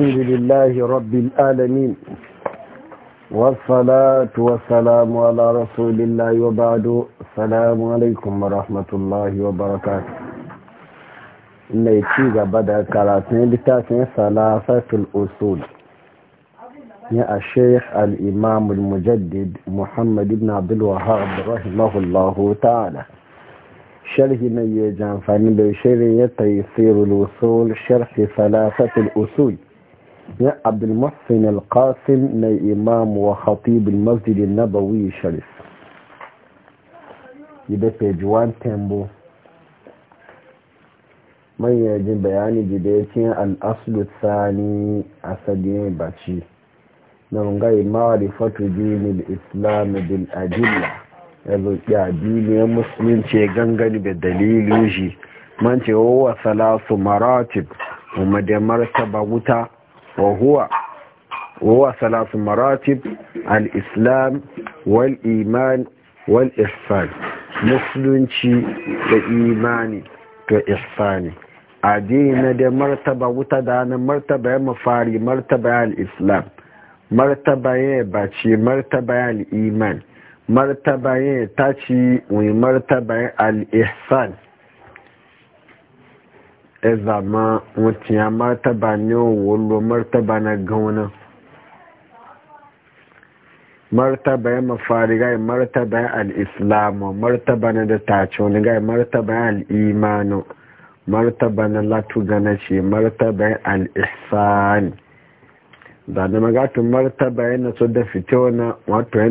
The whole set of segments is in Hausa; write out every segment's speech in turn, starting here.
الحمد لله رب العالمين والصلاة والسلام على رسول الله وبعد السلام عليكم ورحمة الله وبركاته نيتيجا بدا كراتين لتاتين ثلاثة الأصول يا الشيخ الإمام المجدد محمد بن عبد الوهاب رحمه الله تعالى شرح من نيجان فنبي شرح تيسير الوصول شرح ثلاثة الأصول ya abdulmuhsin alkasim na imam wa khatibin masjidin nabawi sharif gida page 1 tembo manyan jin bayani gida ya ce al'asulu tsani a sadiyar baci na ngai ma'arifatu dinin islam bil adilla ya zoki addiniyar ce gangani da dalilin shi man ce wa salasu maratib kuma da martaba wuta وهو وهو ثلاث مراتب الإسلام والإيمان والإحسان musulunci da imani to ihsani adina da martaba wuta da na martaba ya mafari martaba ya islam martaba ya bace martaba ya iman martaba ya taci wai martaba ya al-ihsan ya zama wacce ya martaba ne wallo martaba na gauna martaba ya mafari gai martaba ya al'islamu martaba na da tace wani gai martaba ya al'imanu martaba na latu gana ce martaba ya al'isani da na magatun martaba ya naso da fito na wato ya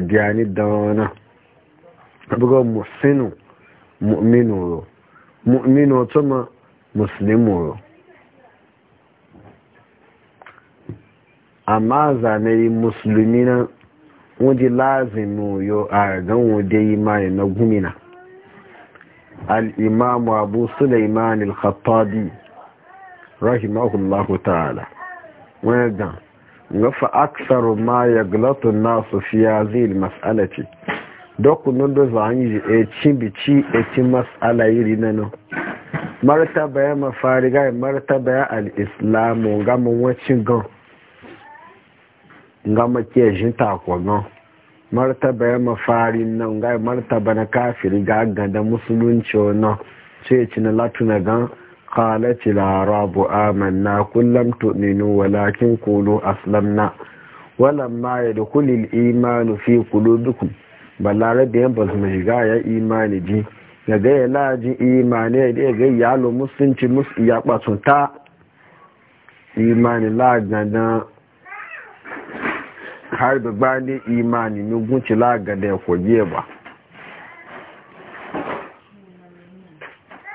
diya ni da wani abubuwan musinu mu'minu mu'minu tuma muslimu amma zanayi musulmi na wadda lazimu yo a wadda yi imani na gumina al'imamu abu suleiman al-khattabi rahimahullahu ta'ala wani gan ga ma ya glatun nasu fiye zai mas'alaci dokunan da za a yi a e cin bici a e cin mas'ala yiri na martaba ya mafari ya martaba ya al'islamu gama wacin gan gama kejin takwa gan martaba ya mafari nan ga martaba na kafiri ga gada musulunci na ce ci na latuna gan قالت العرب آمنا قل لم تؤمنوا ولكن قولوا أسلمنا kulil imanu fi kulu dukun. balare da yan ba su shiga ya imani ji ya ga ya laji imani ya ga yalo musulunci musu ya kwatunta imani lagana har da bani imani nugunci lagana ya kwaje ba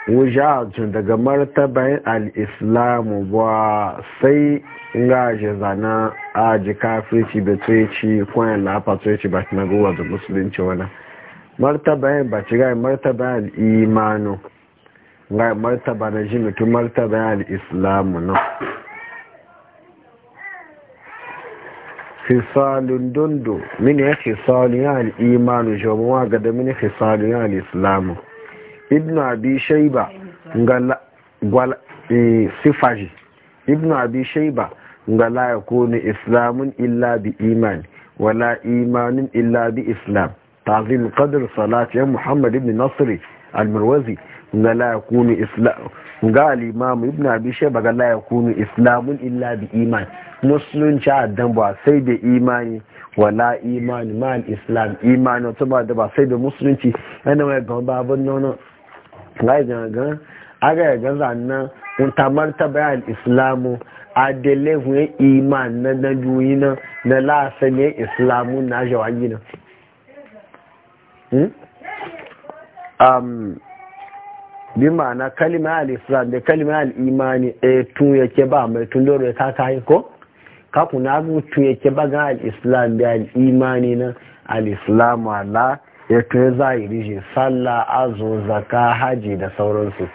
wujajin daga martabayin al'islamu ba sai ngaje zana aji kafirci da tsoyici kwayan lafa tsoyici ba na gowa da musulunci wani martabayin ba ci gai martabayin imanu gai martaba na ji mutum martabayin al'islamu na fisalun dundu mini ya fisalun ya al'imanu jamuwa ga da mini fisalun ya al'islamu Ibnu abi shaiba eh, sifaji ibn abi shaiba ga la islamun illa bi imani wala imanin illa bi islam ta'zim qadr salati ya muhammad ibn nasiri al-marwazi ga la yakunu islam ga al-imam abi shaiba ga la islamun illa bi imani musulunci addan ba sai da imani wala imani ma islam imani wata ba da ba sai da musulunci yana mai gaba babun nono ngai gangan aga ya ga zannan martaba al-islamu a da laifin iman na na na na lasani islamu na jawayi na hmm? um, bi ma'ana kalima al da kalima alimani imani e a tun yake ba mai tun doro ya kaka yi ko kakuna abu tun yake ba ga al da al-imani na al-islamu ala ya to yi rishi sallah azu zaka haji da sauransu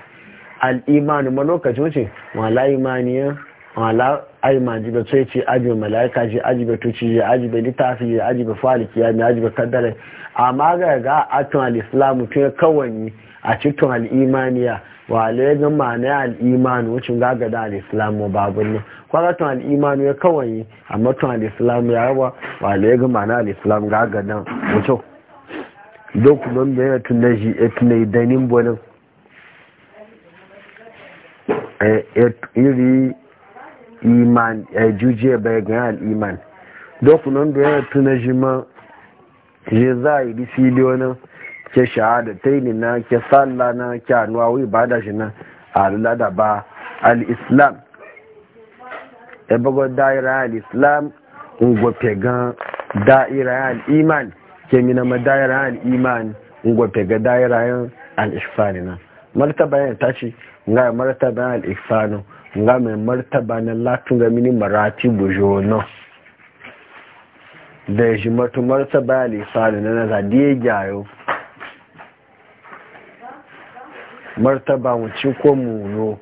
al'imanu ma lokacin ce wala imaniya wala aimaji ba sai ce aji mala'ika ce aji ba tuci ce aji ba littafi ce aji ba faliki ya aji ba kaddara amma ga ga atun al'islamu tun kawai a cikin al'imaniya wa alayyar ma'ana al'imanu wucin gagada al'islamu babin nan kwaratun al'imanu ya kawai amma tun al'islamu ya yawa wa ma ma'ana al'islamu dan wucin dokuman da yana tun shi ya tunai danin bonin eh, iri iman ya juje bai gani al'iman dokuman da yana tun shi ma shi za a yi bisiliyonin ke ta yi na ke salla na ke anuwa da shi na alula da ba al'islam ya bago da'ira al'islam ungwa pegan da'ira al'iman ke mina ma daira al'imani ngwa pega daira yan al'ifani na martaba yana ta ce nga martaba al'ifani nga mai martaba na latin ga mini marati bujo na da ya shi martu martaba al'ifani na za zadiye gyayo martaba mu ci ko muno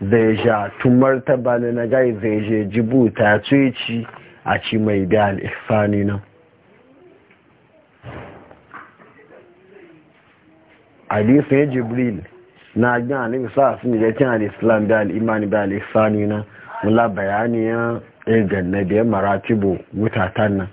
da ya sha tun martaba na na gai zai je jibuta ya ci a ci mai da al'ifani na hadisin ya jibril na gan annabi sa su da tin al-islam da al'imani da alisani na mula bayani ya ganna da maratibu mutatan nan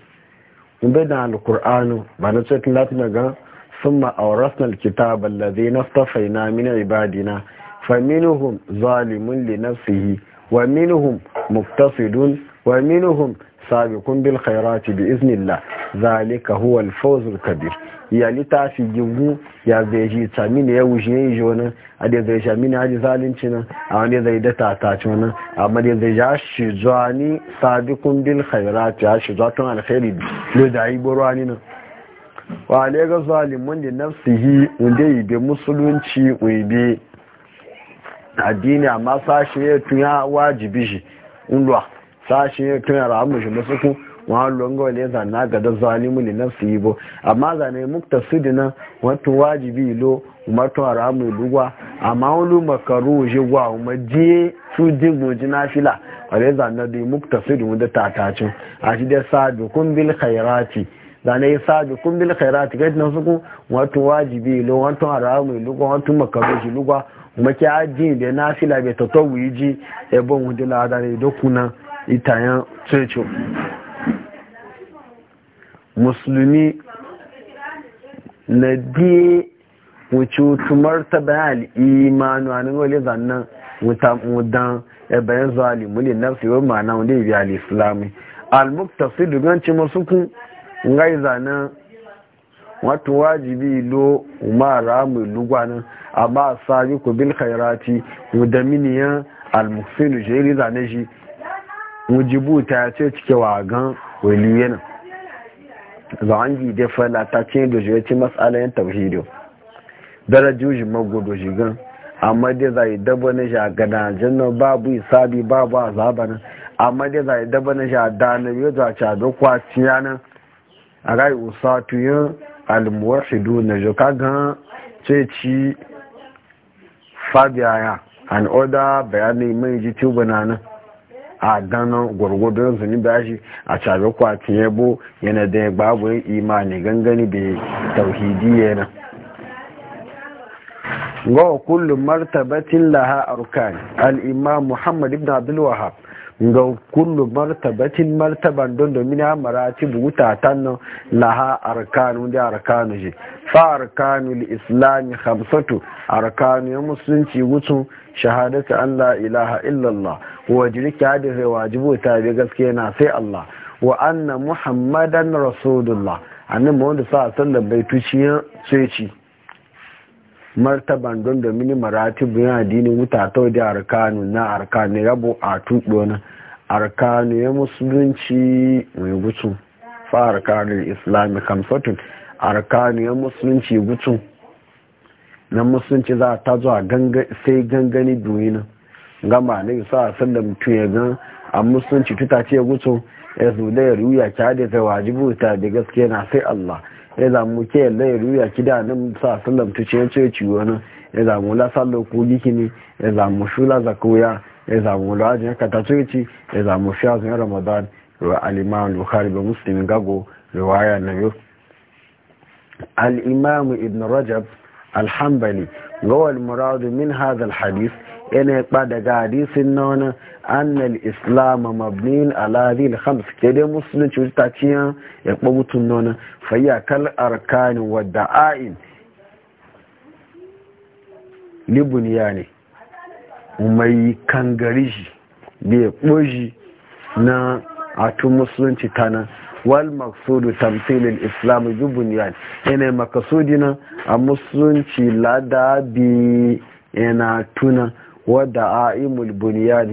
in bai da alkur'anu ba na ce tun latin ga summa awrasna al na stafai na min ibadina zalumin zalimun na nafsihi wa minuhun muktasidun wa minhum sabiqun bil khairati bi iznillah zalika huwa al fawzul kabir ya litafi gigu ya zai ji tsamini ya wuce yi wani a da zai sha mini haji zalunci nan a wani zai da tataci wani amma da zai ja zuwa ni sabiqun bil khairati ya shi zuwa tun alkhairi lo da yi borwa ni nan wa ne ga zalimin da nafsihi wanda yi bi musulunci wai addini amma sashe ya tun ya wajibi shi sashi ya tuna ramu shi masu ku wani longa ne zana ga da zalimu ne na su yi bo amma zane mukta su dina wata wajibi lo umartu haramu duwa amma wani makaru shi gwa kuma je su jin goji na fila wale zana da mukta su wanda ta-tace a shi da sa dukun bil khairati zane ya sa dukun bil khairati kai na su ku wata wajibi lo wata haramu lugwa wata makaru shi lugwa kuma ki ajin da na fila bai tattawu yi ji ebe wundila da ne dokunan itayen tsoci musulmi na biye wuce wutu martaba al'imanu a nan wale zannan wudan ebayen zuwa limulin na su yi ma'ana wanda ibi al'islami al-muktasi duganci masu kun ngai zanen wato wajibi lo umara mai lugwanin amma a sami ku bil khairati mudaminiyan al-muksinu jeri zane shi ta ce cike wa gan wali yana za an yi da fala ta ce da shi yace masalayen tauhidi darajuji magudu shi gan amma dai za yi dabo na shi a gada jannan babu isabi babu a zabanin amma dai za yi dabo na shi a dana yau za ci a dokwa ciya nan a rai usatu yin almuwahidu na ka gan ce ci fabiya an oda bayanai mai ji tubuna nan a ganin gwargwadon zuni bashi a cabe kwatin yabo yana da babu imani gangani da tauhidi yana ga kullum martabatin laha arkan al-imam muhammad ibn abdul wahab ga kullu martabatin martaban don domin ha marati buta tanno laha arkanu da arkanu ji fa arkanu islam khamsatu arkanu musulunci wutu shahadatu an la ilaha illallah wa jirki hadisi wajibu ta bi gaske na sai Allah wa anna muhammadan rasulullah annabi wanda sa sallan bai tuciyan sai martaban don da mini maratibu dini wuta wutatau da arkanu na arkanu ya bu a tuɗona arkanu ya musulunci mai gutu fa arkanu islami kamfotin arkanu ya musulunci gutu na musulunci za ta zuwa sai gangani duniya gama na yi sa sallam ya gan a musulunci tuta ce gutu ya zo da ya ruya ta da zai wajibu ta da gaske na sai allah ya zamu ke ya ruya kida nan sa sallam tu ce ce ci wani ya zamu la sallo ku gikini ya zamu shula zakoya ya zamu la ajin ka ta ya zamu sha zuwa ramadan wa al-imam bukhari ba muslim gago riwaya na yo al-imam ibn rajab alhambali, hanbali gawal muradu min hadha al-hadith yana ya daga hadisin na annal islam mabnin alazil hams ke da musulunci ta ciya ya kpa mutum na wani kal arkanin wadda a'in ya ne mai kangari shi da ya na atu musulunci ta nan wal maksudu tamsilin islam bibuniya yana makasudi na a musulunci ladabi yana tuna wadda a imul buniyar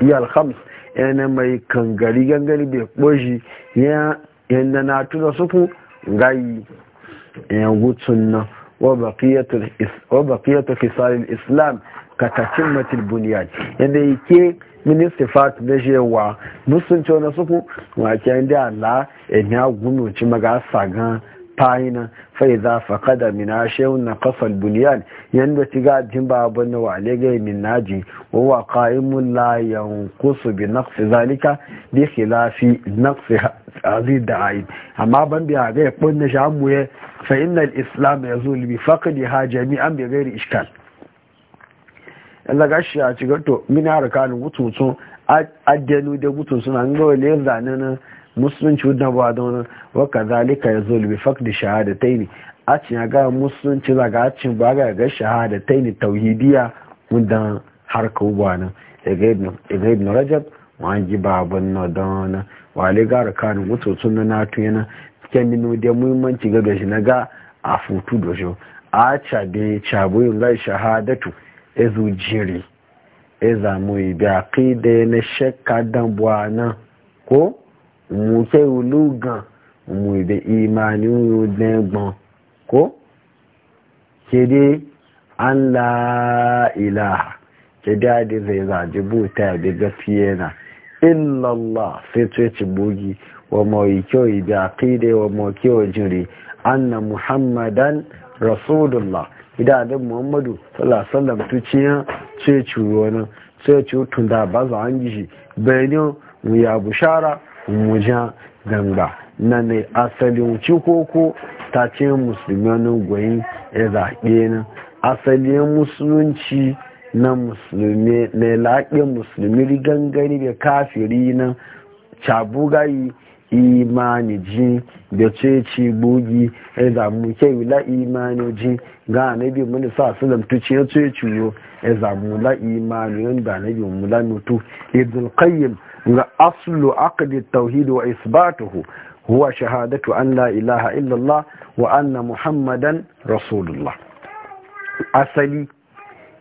yal khams yana mai kangari gangari bai ɓoshi yana na tuna sufu gayi ya gutsun na wa baqiyatul khisalil islam ka tatimmatul buniyar yi yake ministry fat na jewa musun cewa na sufu wa kyan da Allah ya gumi magasa gan fahina fai za faƙada mina shehun na kasar buniyan yadda ci gajin babban na wale gai min naji wawa ƙa'imun layan kusu bi naqsi zalika bi khilafi naqsi azi da ayi amma ban a ga yakun na shamu ya fa innal islam yazul bi faqdi ha jami'an bi ghairi iskal in daga shi a cigar to min harkanin gututsun addenu da gututsun an ga wale zanen musulunci wadda ba da wani waka zalika ya zo libi fakdi yi ne a cin ga musulunci za ga cin ba ga ga yi ne tauhidiya wadda har ka uba nan ga ibn rajab wani ji babin na da wani wale gara kanu mutuntun na natu yana kyan nino da muhimmanci ga gashi na ga a futu da shi a cabe caboyin rai shahadatu ezu jiri ezamu ibi aqida na shakka dan buwa ko mu wu òun fẹ́ olóògàn òun ìdẹ ìmà ni ó yóò dẹ́gbọ̀n kó kéde anla ilaha kéde ta ìrànjẹ́bù tá ìdẹ́gbẹ́ fiyẹ́nà illallah sai tuye cibogi wa mawai kyau ibi aqide wa mawai kyau jiri anna muhammadan rasulullah idan da muhammadu sallallahu alaihi wasallam tuciya sai ciwo wani sai ci tun da ba za an gishi bayani mu ya bushara wajen ganga na ne asalin cikoko ta ce musulmanin goyi ya zaɓe na asalin musulunci na musulmi na laƙe musulmi gangari da kafiri na cabugayi imani ji da ce ci bugi ya zamu kyau la imani ji ga anabi mun sa sallam tu ce ce ciwo ya zamu la imani da anabi mun la mutu idul qayyim ga aslu akadi tauhid wa isbatuhu huwa shahadatu an la ilaha illallah wa anna muhammadan rasulullah asali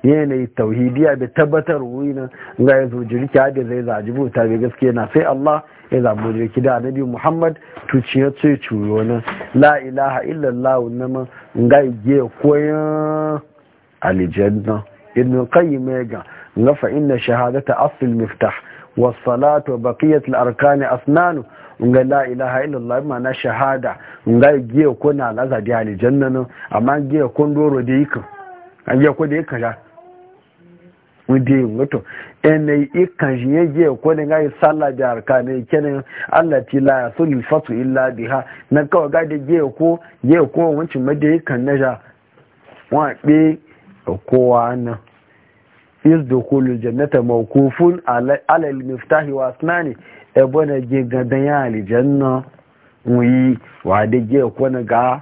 yanayi tauhidiya da tabbatar wina ga yanzu jirki da zai zaji buta bai gaske na sai Allah ya zaɓo jirki da annabi Muhammad tuciya ce curo nan la ilaha illallah nama ga ge koyan aljanna ibn qayyim ga ga fa inna shahadata asl miftah wasalatu baqiyat al-arkan asnanu nga la ilaha illallah ma na shahada nga giye ko na laza di aljanna no amma giye ko ndoro de yika an giye ko de yika ja mu de ngoto ene ikan jiye giye ko ne ga salla da arkan kene Allah ti la yasul fatu illa biha na ka ga de giye ko giye ko wancin ma de yika na ja wa be kowa nan is dukhulul jannata mawqufun ala al-miftahi wa asnani e bona je gadan ya aljanna wi wa de je ko na ga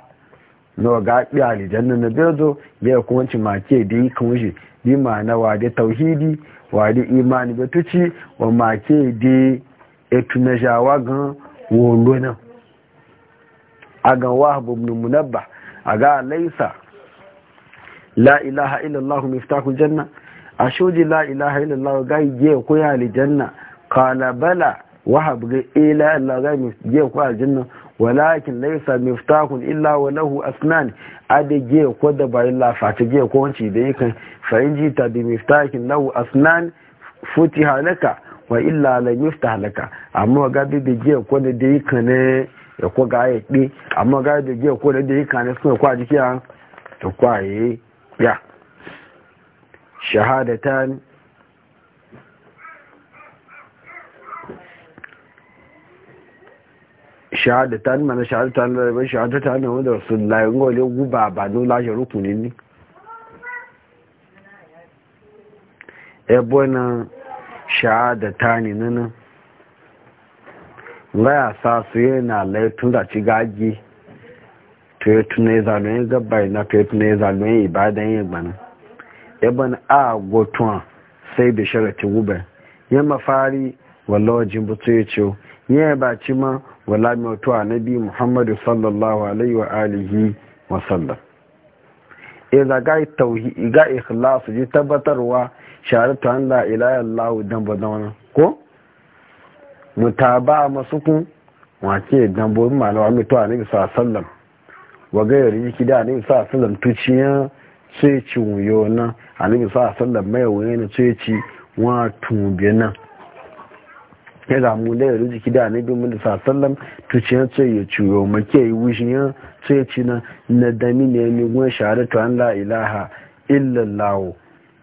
no ga bi aljanna na bezo ya kuma ci ma ke dai kun shi bi ma na wa de tauhidi wa de imani batuci wa ma ke dai etuna jawa gan wo lona agan wahab ibn munabba aga laisa la ilaha illallah miftahul janna a shoji la ilaha illallah ga eh je ko ya aljanna qala bala hab ga ila Allah ga je ko aljanna walakin laysa miftahun illa wa lahu asnan ade je ko da ba illa ta je ko wanci da yake fa ji ta bi miftahin lahu asnan futiha laka wa illa la miftah laka amma ga bi je ko da yake ne ya ko ga ya amma ga da je ko da yake ne suka kwa jikiya ya to kwaye ya shahadatan shahadatan mana shahadatan larabar shahadatan na wadda layin gole guba ba no lashe rukunin ni ebe na shahadatan nana laya sa su yi na laye tun da ci gaji to yi tunai zanoyin gabbai na to yi tunai zanoyin ibadan yi gbanin ibn a gotuwa sai da sharati guba ya mafari wallawa jimbutu ya ce ya ba ci ma wala mutuwa na bi muhammadu sallallahu alaihi wa alihi wa sallam iza e ga tauhi ga ikhlasu ji tabbatarwa sharatu an la ilaha illallah dan ba dan ko mutaba ku? wace dan bo malawa mutuwa ne sallallahu sallam wa gairi yari kida ne sallallahu sallam tuciya sai wuyo na alibi sa sallar mai wani na ce ci wa tumbe nan ya zamu da yaro jiki da anabi mun sa sallam to ce ya ce ya ciwo make yi wishin ya ce ci na na dami ne ni gwan shahadatu an la ilaha illa allah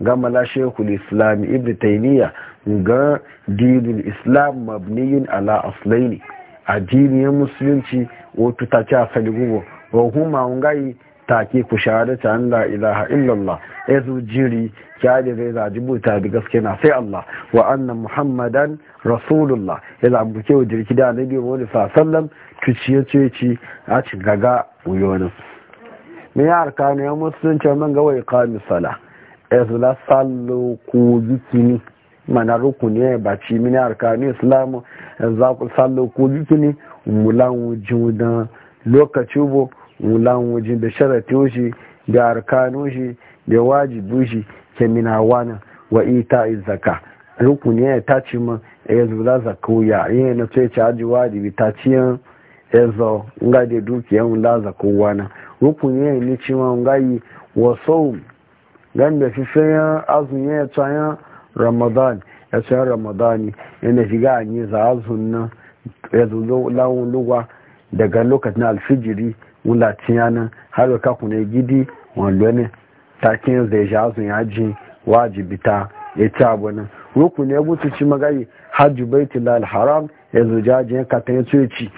gama la islam ibnu taymiya ga dinul islam mabniyun ala aslaini addiniyar musulunci wato ta ce a saligubo wa huma ngai take ku shahadata an la ilaha illallah ya zo jiri kyale zai zaji buta da gaske na sai Allah wa anna muhammadan rasulullah ya zambu kewa jirki da annabi wani sasallam tuciye ci a ci gaga wuyonin me ya harka ne ya musulunci man ga wai kami sala ya zula sallu ku zikini mana rukuni ya baci ya harka ne islamu ya zaku sallu ku zikini mulan wujudan lokaci bu wulan wajen da sharati shi da arkanun shi da wajibin shi ke minawana wa ita zaka rukuni ya tace mu ya zula ya yin na ce ci aji wajibi ta ciyan ezo nga da dukiya wula zakuwa na rukuni ya ni ci ma nga yi wa sau gan da fifiyan azun ya ramadan ya tsayan ramadani yana shiga a za azun ya zo lawon lugwa daga lokacin alfijiri wula tiyana har ka kuna gidi wọn lone takin zai ja su ya ji wajibi ta ya ci abu nan ruku ne gutu ci magayi hajji baitul haram ya zo jajin ka ta yace ci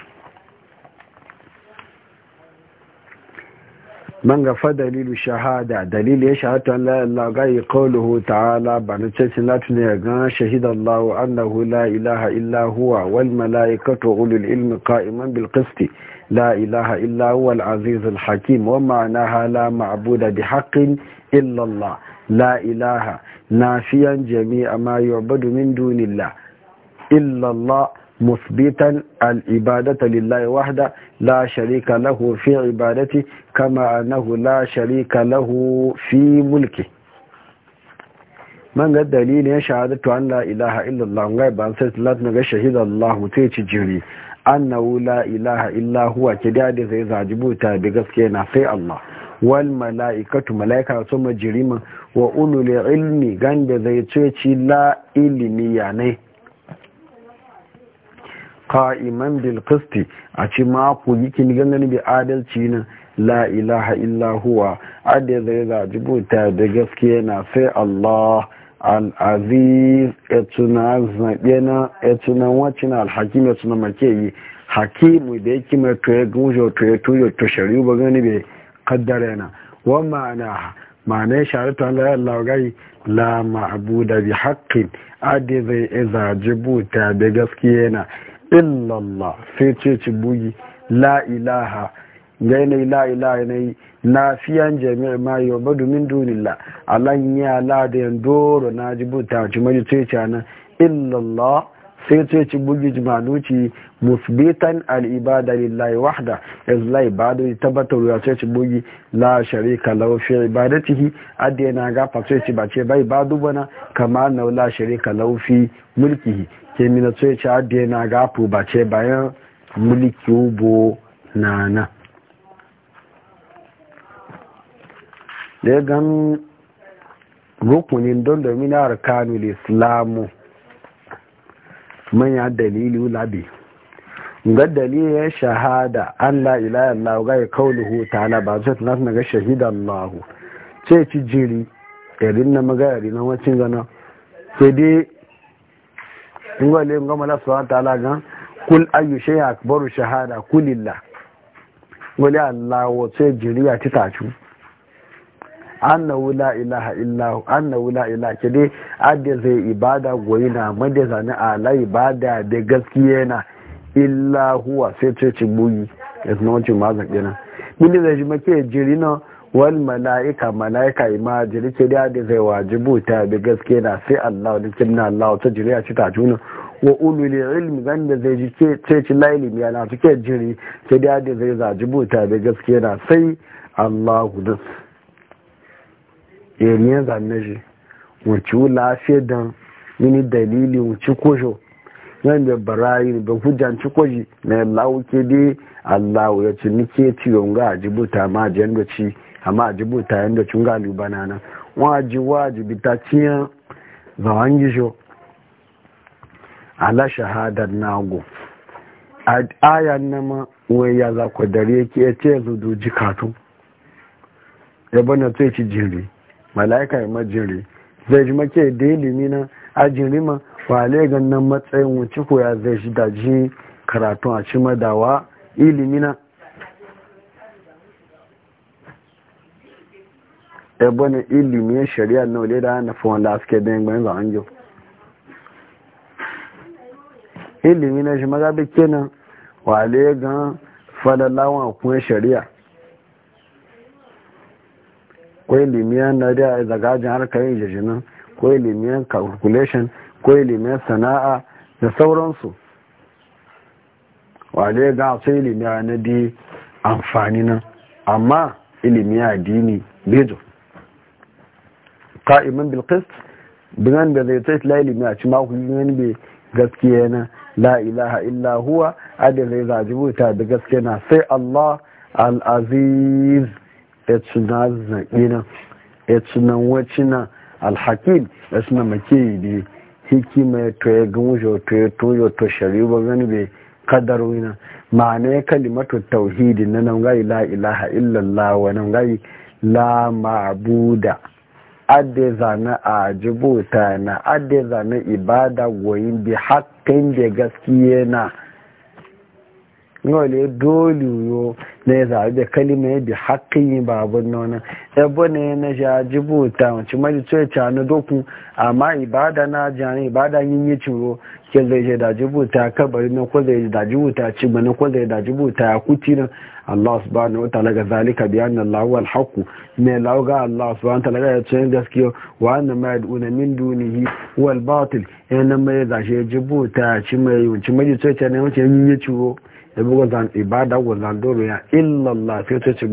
man gafa dalilu shahada dalili ya shahatu an la ilaha ta'ala bana cece latin ya gan shahida Allah annahu la ilaha illa huwa wal malaikatu ulul ilmi kaiman bilkisti لا إله إلا هو العزيز الحكيم ومعناها لا معبود بحق إلا الله لا إله نافيا جميع ما يعبد من دون الله إلا الله مثبتا العبادة لله وحده لا شريك له في عبادته كما أنه لا شريك له في ملكه من الدليل يشهد أن لا إله إلا الله ngai ban sai salat na الله تيتي sai annahu la ilaha illa huwa ki dade zai ta bi gaske na sai Allah wal mala'ikatu mala'ika su majirima wa ulul ilmi ganda zai ceci ci la ilimi ya ne qa'iman bil a ci ma ku yikin gangan bi adalci na la ilaha illa huwa ade zai da gaske na sai Allah al'aziz ya tuna zaɓena etuna wacin alhakim ya make yi hakimu da yake mai toye gunjo toye to shari'u ba gani bai kaddara yana wan ma'ana ma'ana ya shari ta Allah Allah gai la ma'buda bi haqqin adi zai iza jibuta da gaskiya yana illallah sai ce ci bugi la ilaha gaina la ilaha ne na fiyan jami'ar ma yau ba domin dunilla alan yi ala da yan doro na ji buta ci mani ci nan illallah sai ci bugi jimanuci musbitan al'ibada lillahi wahda yanzu ba da ya tabbatar ya ci bugi la sharika lau fi ibadatihi adda yana gafa ci ba ce bai ba dubana kama na la sharika lau fi mulkihi ke mina ci adda yana gafa ba ce bayan mulki ubo na. da ya gan rukunin don domin arkanul islamu manya dalilu labi ga dalilin shahada an la ilaha illallah ga kauluhu ta'ala ba zai tunas na ga shahida Allah ce ci jiri irin na magayari na wacin gana sai dai in ga le ga mala subhanahu ta'ala gan kul ayu ya akbaru shahada kulilla wale Allah ce jiri ya ci tacu annahu la ilaha annahu la ilaha ke dai adda zai ibada goyina madda zani ala ibada da gaskiya na illa huwa sai ce ci buyi ya zama wancin mazan ɗina bin da shi make jiri na wal mala'ika mala'ika ima jiri ke dai adda zai wajibu ta da gaske na sai Allah da na Allahu! ta jiri a ci ta juna wa ulul ilmi zan da zai ji ce ci laili ya yana suke jiri ke dai adda zai zajibu ta da gaske na sai Allah da iriyan zanne wula wuce lafiya don yini dalili wuce kojo yan da barayi da hujjanci kwaji na lawo ke dai allahu ya ci nike ciwon ga a jibuta ma jiyan da ci amma a jibuta yan da cin galu ji wa wajibi ta ciyan zawon gisho ala shahadar nago a ayan ma wai ya za ku dare ke ce zudu kato ya bana sai ci jiri mala'ika ya majiri zai ji make da ilimi na ajin rima wale gannan matsayin wuce koya zai shi da ji karatu a ci madawa ilimi na ebe na ilimin shari'a na wale da na wanda da suke da yin gbanin zaman yau ilimi na shi magabi kenan wale gan falalawa kuma shari'a ko ilimiyan na da zagajin harkar yin jajinin ko ilimiyan calculation ko ilimiyan sana'a da sauransu wale ga sai ilimiya na di amfani nan amma ilimiya addini bejo ka'imin bilkist binan da zai ta la ilimiya ci maku yin bai gaskiya na la ilaha illa huwa adda zai zaji buta da gaskiya na sai allah al-aziz etuna na alhakin wacina alhakim maki yi ne hikima to ya gan wuce to ya to ya to ba gani bai kadar wina ma'ana ya kalimatu tauhidi na nan gai la ilaha illallah wa nan gai la ma'abuda. adde zana a jibuta na adde zana ibada goyin bi hakkin da gaskiya na ngole dole yo na ya zaɓi da kalima ya bi haƙƙin yi babun nuna ebe ne na ja jibuta wacce mai tsoye ta canu dokun amma ibada na jani ibada yin yi ciro ke zai je da jibuta kabari na ko zai da jibuta ci ba na ko zai da jibuta ya kuti na Allah subhanahu wa ta'ala ga zalika bi anna Allah wal haqq ne lauga Allah subhanahu wa ta'ala ya tsoye gaskiya wa anna ma yad'una min dunihi wal batil yana mai da je jibuta ci mai wacce mai tsoye canu wacce yin yi ciro da bugun da ibada wannan zan doro ya illallah sai ta ci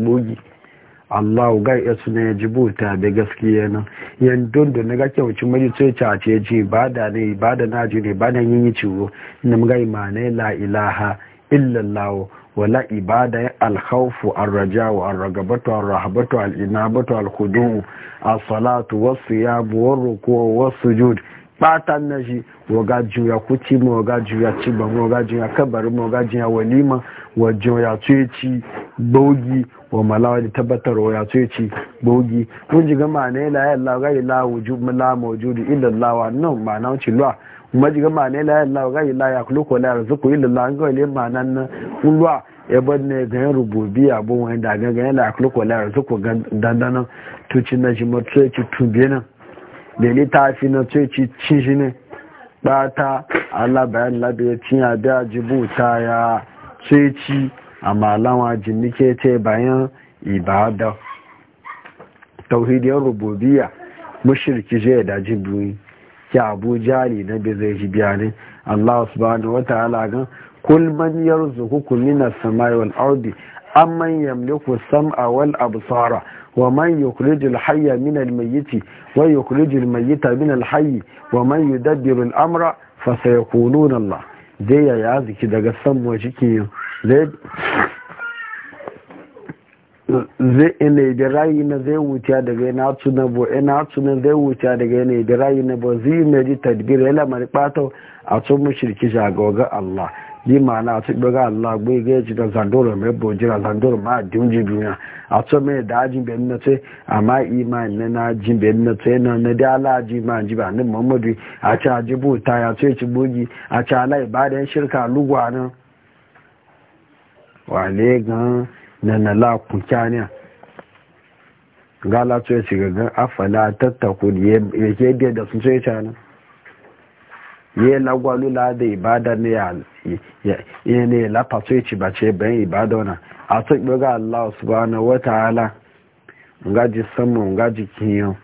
Allah ga ya suna ya jibuta da gaskiya nan yan dondo na ga kyauci mai sai ta ce ji ibada ne ibada na ji ne ibada yin yi ciwo na mun ga imani la ilaha illallah wala ibada al-rajiya wa ar arraja'u al inabatu al khudu as-salatu was siyam war ruku was-sujud batan na shi waga juya kuci ma waga juya ciba ma waga juya kabari ma waga juya walima wa juya ci bogi wa malawa da tabbatar wa ya ci bogi mun ji gama yi la ya la ga ila wujub la mawjudu illa allah wa nan ma na wuce lwa kuma ji gama ne la ya la ga ila ya kulu ko la yarzuku illa allah ga ile ma nan na lwa ya bar ne ga yan rububiyya bo wani da ga ga la kulu ko la yarzuku ga dandanan tuci na shi mutuci nan. da littafi na coci cinshi ne ɓata allah bayan labe cinya da ta ya coci a malawa jinnike ce bayan ibada tauhidiyar rububiya mushirki je da jibuyi ki abu jari na bi zai ji biya ne allah subhanahu wa ta'ala gan kul man yarzuqukum minas samai wal ardi amman yamliku sam'a wal absara ومن يخرج الحي من الميت ويخرج الميت من الحي ومن يدبر الأمر فسيقولون الله zai ya ya ziki daga samuwa ciki zai ina da rayu na zai wuce daga yana tuna bo yana zai wuce daga yana da rayu bo zai mai ji tadbir ya lamar a tun Allah bi ma'ana a cikin daga gbe ga ji da zandoro mai bojira zandoro ma dun ji duniya a to me da ajin be na ce amma iman na na jin be na na na da Allah ji ma ji ba Muhammadu a ci ajibu ta ya ce ci bogi a ala ibadan shirka lugwa nan wale gan na na la kukyaniya gala to ya ci gagan afala tattaku ya ke da sun ce ta nan ye lagwalu la da ibada ne ya ye ne la pato ya e ci bace bayan ibada wana a to ibe ga Allah subhanahu wa ta'ala nga ji sama nga ji kiyo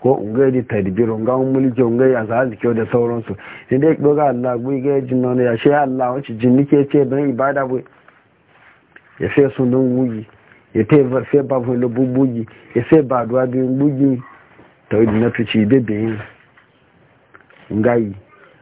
ko nga ji tadbiro nga mulki nga ya za zike da sauransu ne dai ibe ga Allah gwi ga ji non ya she Allah wace jinni ke che bayan ibada bu ya fe sun don wuyi ya te fe ba fu lububugi ya fe ba duwa bi bugi tawidi na tuci bebe ngayi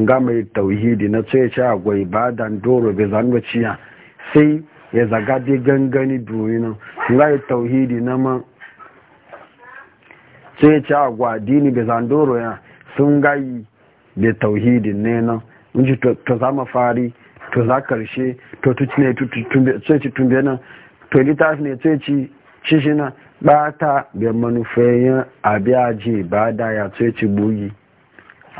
nga mai tauhidi na tsaye ci gwai ba da doro bai zan ciya sai ya zaga dai gangani doyi nan nga yi tauhidi na ma tsaye ci agwa dini bai zan doro ya sun gayi da tauhidi ne nan in ji to za fari to za karshe to tuci ne tuci ci tumbe nan to littafi ne tsaye ci shishina ba ta bai manufayen abiyaji ba da ya tsaye ci bugi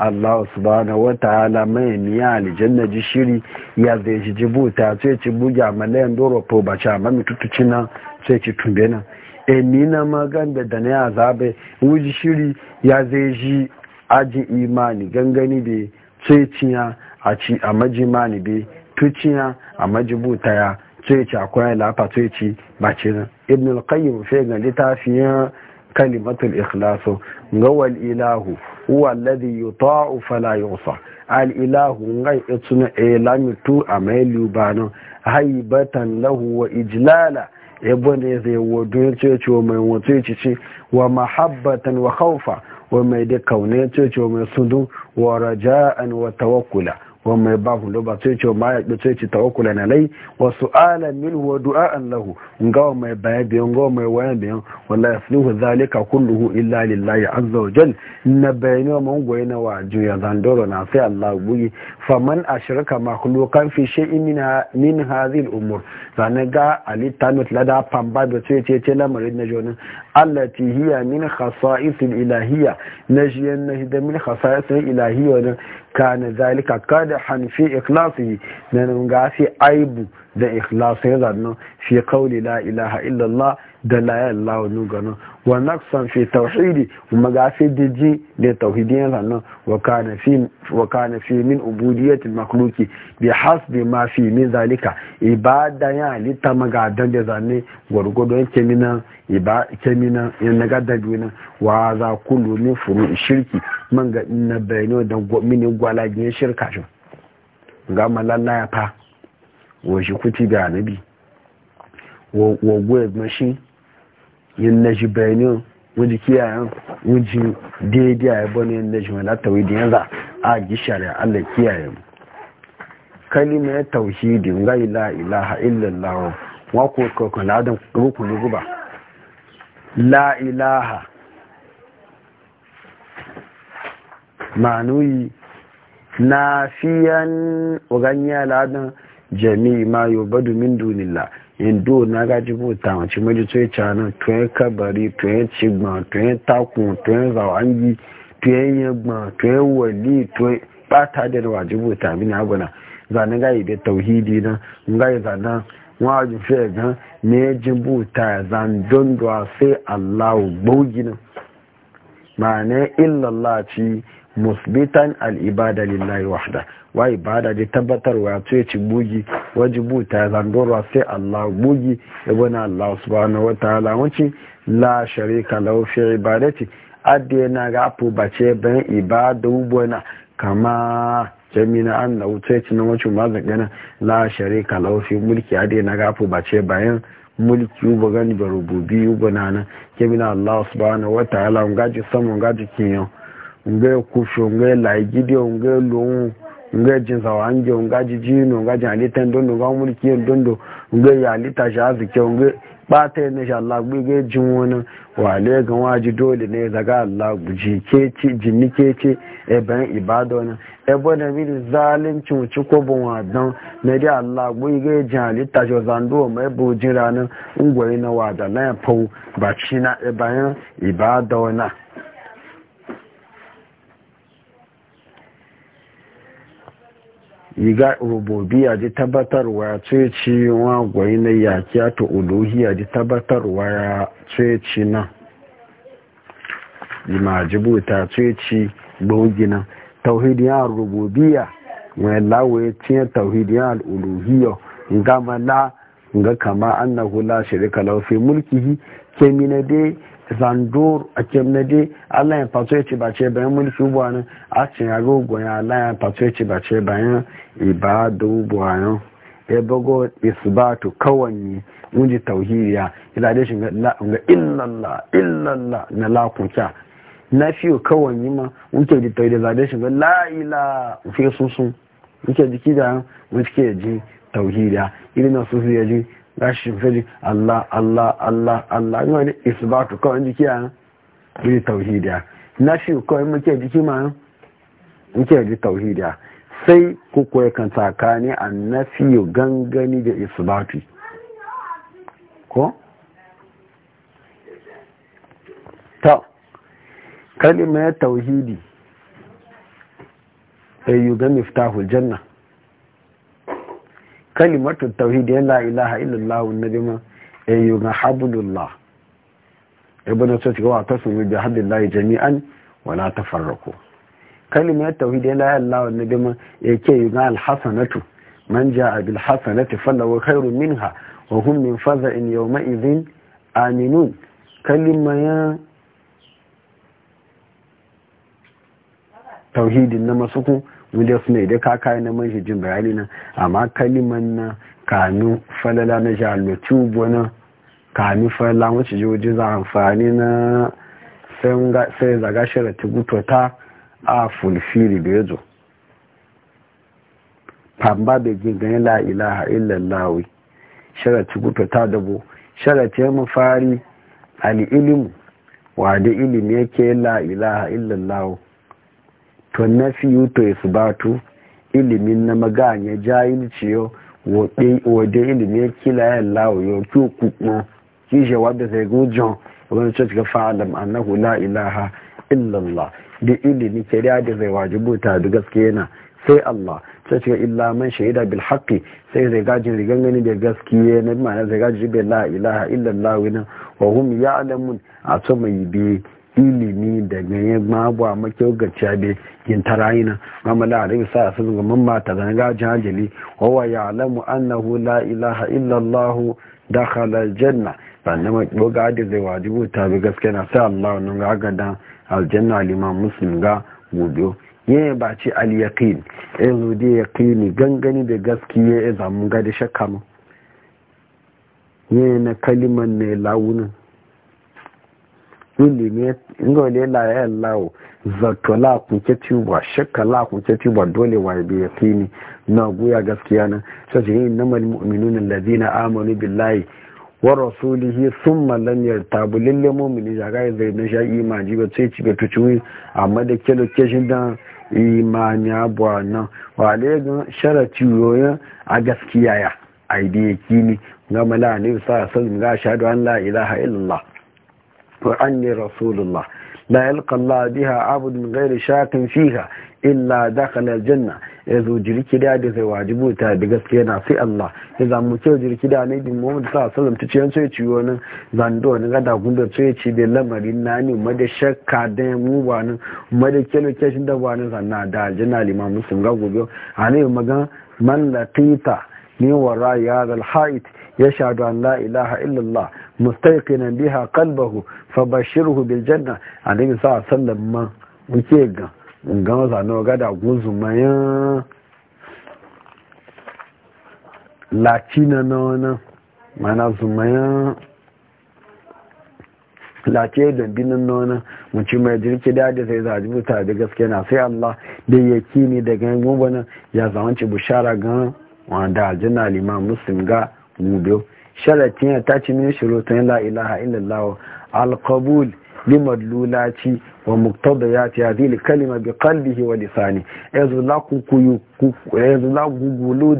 Allah subhanahu wa ta'ala mai niya aljanna ji shiri ya zai ji jibuta sai ci buga malayan doro to ba cha mami tutuci nan sai ci tumbe nan e ni na magan da da na azabe wuji shiri ya zai ji aji imani gangani be sai ciya a ci a majimani be tuciya a buta ya sai ci akwai lafa sai ci ba ci nan ibn al-qayyim fi ga littafiyan kalimatul ikhlas ngawal ilahu هو الذي يطاع فلا يعصى الاله غي اتنا ايلام تو اميليو بان هيبتا له واجلالا يبون يزي ودون تشيتش ومن ومحبة وخوفا ومن يدك ومن سندو ورجاء وتوكلا wa mai ba hulo ba sai ce ma ya bi sai ce tawakkulan alai wa su'alan min wa du'a'an lahu mai baya biyan ngawa mai waya biyan wallahi yasluhu zalika kulluhu illa lillahi azza wa jal na bayani man goyi na wa juya zandoro na sai Allah buyi faman ashraka makhluqan fi shay'in min min hadhihi al-umur zanaga ali alitanut lada pamba da sai ce ce lamarin na jonin allati hiya min khasa'isil ilahiyya na jiyan da min khasa'isil ilahiyya na kana zalika kada hanfi ikhlasi na ga fi aibu da ikhlasi zanno fi kauli la ilaha illa illallah da la ilaha gano. wa naqsan fi tauhidi kuma ga sai diji da tauhidiyan sannan wa kana fi wa kana fi min ubudiyyati makhluqi bi hasbi ma fi min zalika ibada ya ta magadan da zanne gurgudo yake mina iba mina yan naga duna wa za kullu min furu shirki man ga na bayano da mini gwalaje shirka shi ga malalla ya fa wa shi kuti ga nabi wa gwe mashin. yin naji bayani wajen kiyayen wajen daidai a yabon yin naji ji wani wajen yanzu a gishari allah kiyaye mu kalimar tauhidin ga ila ilaha illallah wa ko kokon adam rukun guba la ilaha manuyi nafiyan uganya ladan jami'i ma yubadu min dunillah indo na gajibu ta wace majiso ya ci hannun tuyen kabari tuyen cigban tuyen takun tuyen zawangi tuyen yagban tuyen wali tuyen bata da wajibu ta mini aguna zanen gayi tauhidi na gayi nwa wajin fiye na ne jibu ta zan dondwa sai allahu gbaugi na ma'ana illallah ci musbitan ibada lillahi wahda wa ibada da tabbatarwa e ya ce ci bugi wajibu ta zandorwa sai Allah bugi ibn Allah subhanahu wa ta'ala wace la sharika la fi ibadati adde na ga apu bace ban ibadu bona kama jamina an na wuce ci na wace ma zagana la sharika lahu fi mulki adde na ga apu bace bayan mulki uba gani ba rububi uba nana jamina Allah subhanahu wa ta'ala ngaji samu ngaji kinyo ngai kufu ngai laigidi ngai lungu nga jin zawange nga jijino nga jin alitan dondo nga mulki yin dondo nga ya alita shi arziki nga bata yin shi Allah gbe ga jin wani wale ga waji dole ne daga Allah guji ke ce jinni ke ce eben ibada wani ebe da miri zalincin wuce ko bin wadan na dai Allah gbe ga jin alita shi zando mai bujin ranar ungwari na wada na ya fau ba ci na eben ibada wani yiga rububiya ji tabbatarwa ceci wa gwai na yakiya ta uluhiya ji tabbatarwa ya ceci nan jimajibu ta ceci gbogi nan tauhidiyar rububiya wani lawaye ciyar tauhidiyar uluhiya gama la ga kama annahu la shirika lahu fi mulkihi kemina dai zandor a kemnade allah ya fato ya ce ba ce bayan mulki buwanin a cin yago goya allah ya pato ya ce ba ce bayan ibadu buwanin ya bago isbatu kawanni wunji tauhiriya ila da shi ga illallah illallah na lakunta na fiye kawanni ma wuce da tauhiri za da shi ga la'ila fi sun sun wuce jiki da wuce ji tauhiriya irin na sun su ya ji láṣìí fẹ́lẹ̀ allah allah allah allah ní wọ́n ní ìsìbáàtù na shi kawai muke sai kuku yakan tsakani annafi gangani da isbatu ko ta tauhidi ayyuga eh, miftahul janna kalimatu tauhid ya la ilaha illallah eh, wa nadima ayu ga hablullah ibn sa'id wa tasmi bi hadillahi jami'an wa la tafarraqu kalimatu tauhid ya la ilaha illallah wa nadima yake eh, al hasanatu man jaa bil hasanati falahu khairun minha wa hum min faza'in yawma idhin aminun kalimaya tauhidin na masuku wanda su mai daga kaya na man jin bayani nan amma kaliman na kanu falala na jalotu na kanu falala wacce ji wajen za amfani na sai zaga shirar ta guto ta a fulfiri da ya zo famba da gingani la ilaha illallawi shirar ta guto ta dabo shirar ta yi mafari al'ilimu wa da ilimi yake la ilaha illallawi to na fiye to ya batu ilimin na maganya jayin ciyo wadda ilimin kila ya lawo yau ki kukmo ki shi wadda sai gujon wani cikin ga fa'alam annahu la ilaha illallah da ilimi kariya da zai wajibu ta da gaske yana sai Allah sai cikin illa man shaida bil haqqi sai zai gajin rigangani da gaskiya na ma'ana zai gajin bi la ilaha illallah wa hum ya'lamun a to mai bi ilimi da ganye mabu a makiyar gaciya bai yin tarayi nan mamala a rabi sa'a sun zama mata da ga jajali wawa ya alamu annahu la ilaha illallahu dakhala janna sannan makiyar ga da zai wajibu ta bi gaske na sai allah nun ga gada aljanna liman muslim ga gobe ye ba ce al-yaqin yanzu e da yaqini gangani da gaskiya ya e zamu ga da shakka mu ye na kalimar ne launin ilimi inga wale la ya e lawo zato la kuke tuba shakka la kuke tuba dole wa bi yaqini na guya gaskiya na sai yin namal mu'minun alladhina amanu billahi wa rasulihi thumma lam yartabu lil mu'mini ya ga zai na ma ji ba sai ci betu tuci amma da ke location da imani abu nan wa le sharati yoya a gaskiya ya aidi yaqini ga mala ne sa sai ga shahadu an la ilaha illallah فعني رسول الله لا يلقى الله بها عبد من غير شاك فيها إلا دخل الجنة إذا جريك دا دي واجبو تا بغسكينا في الله إذا مكيو جريك دا نبي محمد صلى الله عليه وسلم تشيان سويتي تشيوانا زاندو نغا دا غندا سويتي دي لمري ناني مدى شكا دي مو وانا كيلو كيشن دا وانا زانا دا جنة لما مسلم غا بيو عني مغان من لقيتا من وراء هذا الحائط يشهد أن لا إله إلا الله مستيقنا بها قلبه فبشره بالجنة عليه الصلاة والسلام ما وكيغا ونغوزا نوغادا غوزمايا latina na wani mana zumayen lace da binin na wani mai jirki da sai zaji buta da gaske na sai Allah da yaki ne daga yin gobanin ya zamanci bushara ga wanda aljina liman muslim ga wubiyo sharatin ya tace min shirotun la ilaha illallah alkabul limadlulaci wa muktada ya ce hadili kalima bi qalbihi wa lisani yanzu la ku kuyu yanzu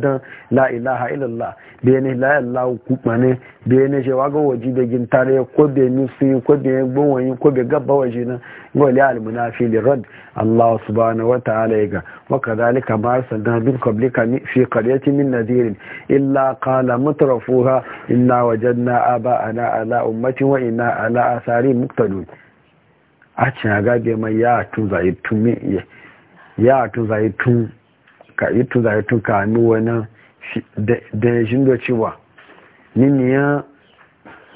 la la ilaha illallah be ne la ilaha ku mane be ne je waga waji be gintare ko be nusi ko be gbonwayin ko be gabba waje nan gole al munafi li rad allah subhanahu wa ta'ala yaga wa kadhalika ma arsalna bil qablika fi qaryatin min nadhir illa qala mutrafuha inna wajadna aba'ana ala ummatin wa inna ala asari muqtadun a cin agabe mai ya tun zai tun ya tun zai tun ka yi tun zai tun ka mi wani da ya shi da cewa nini ya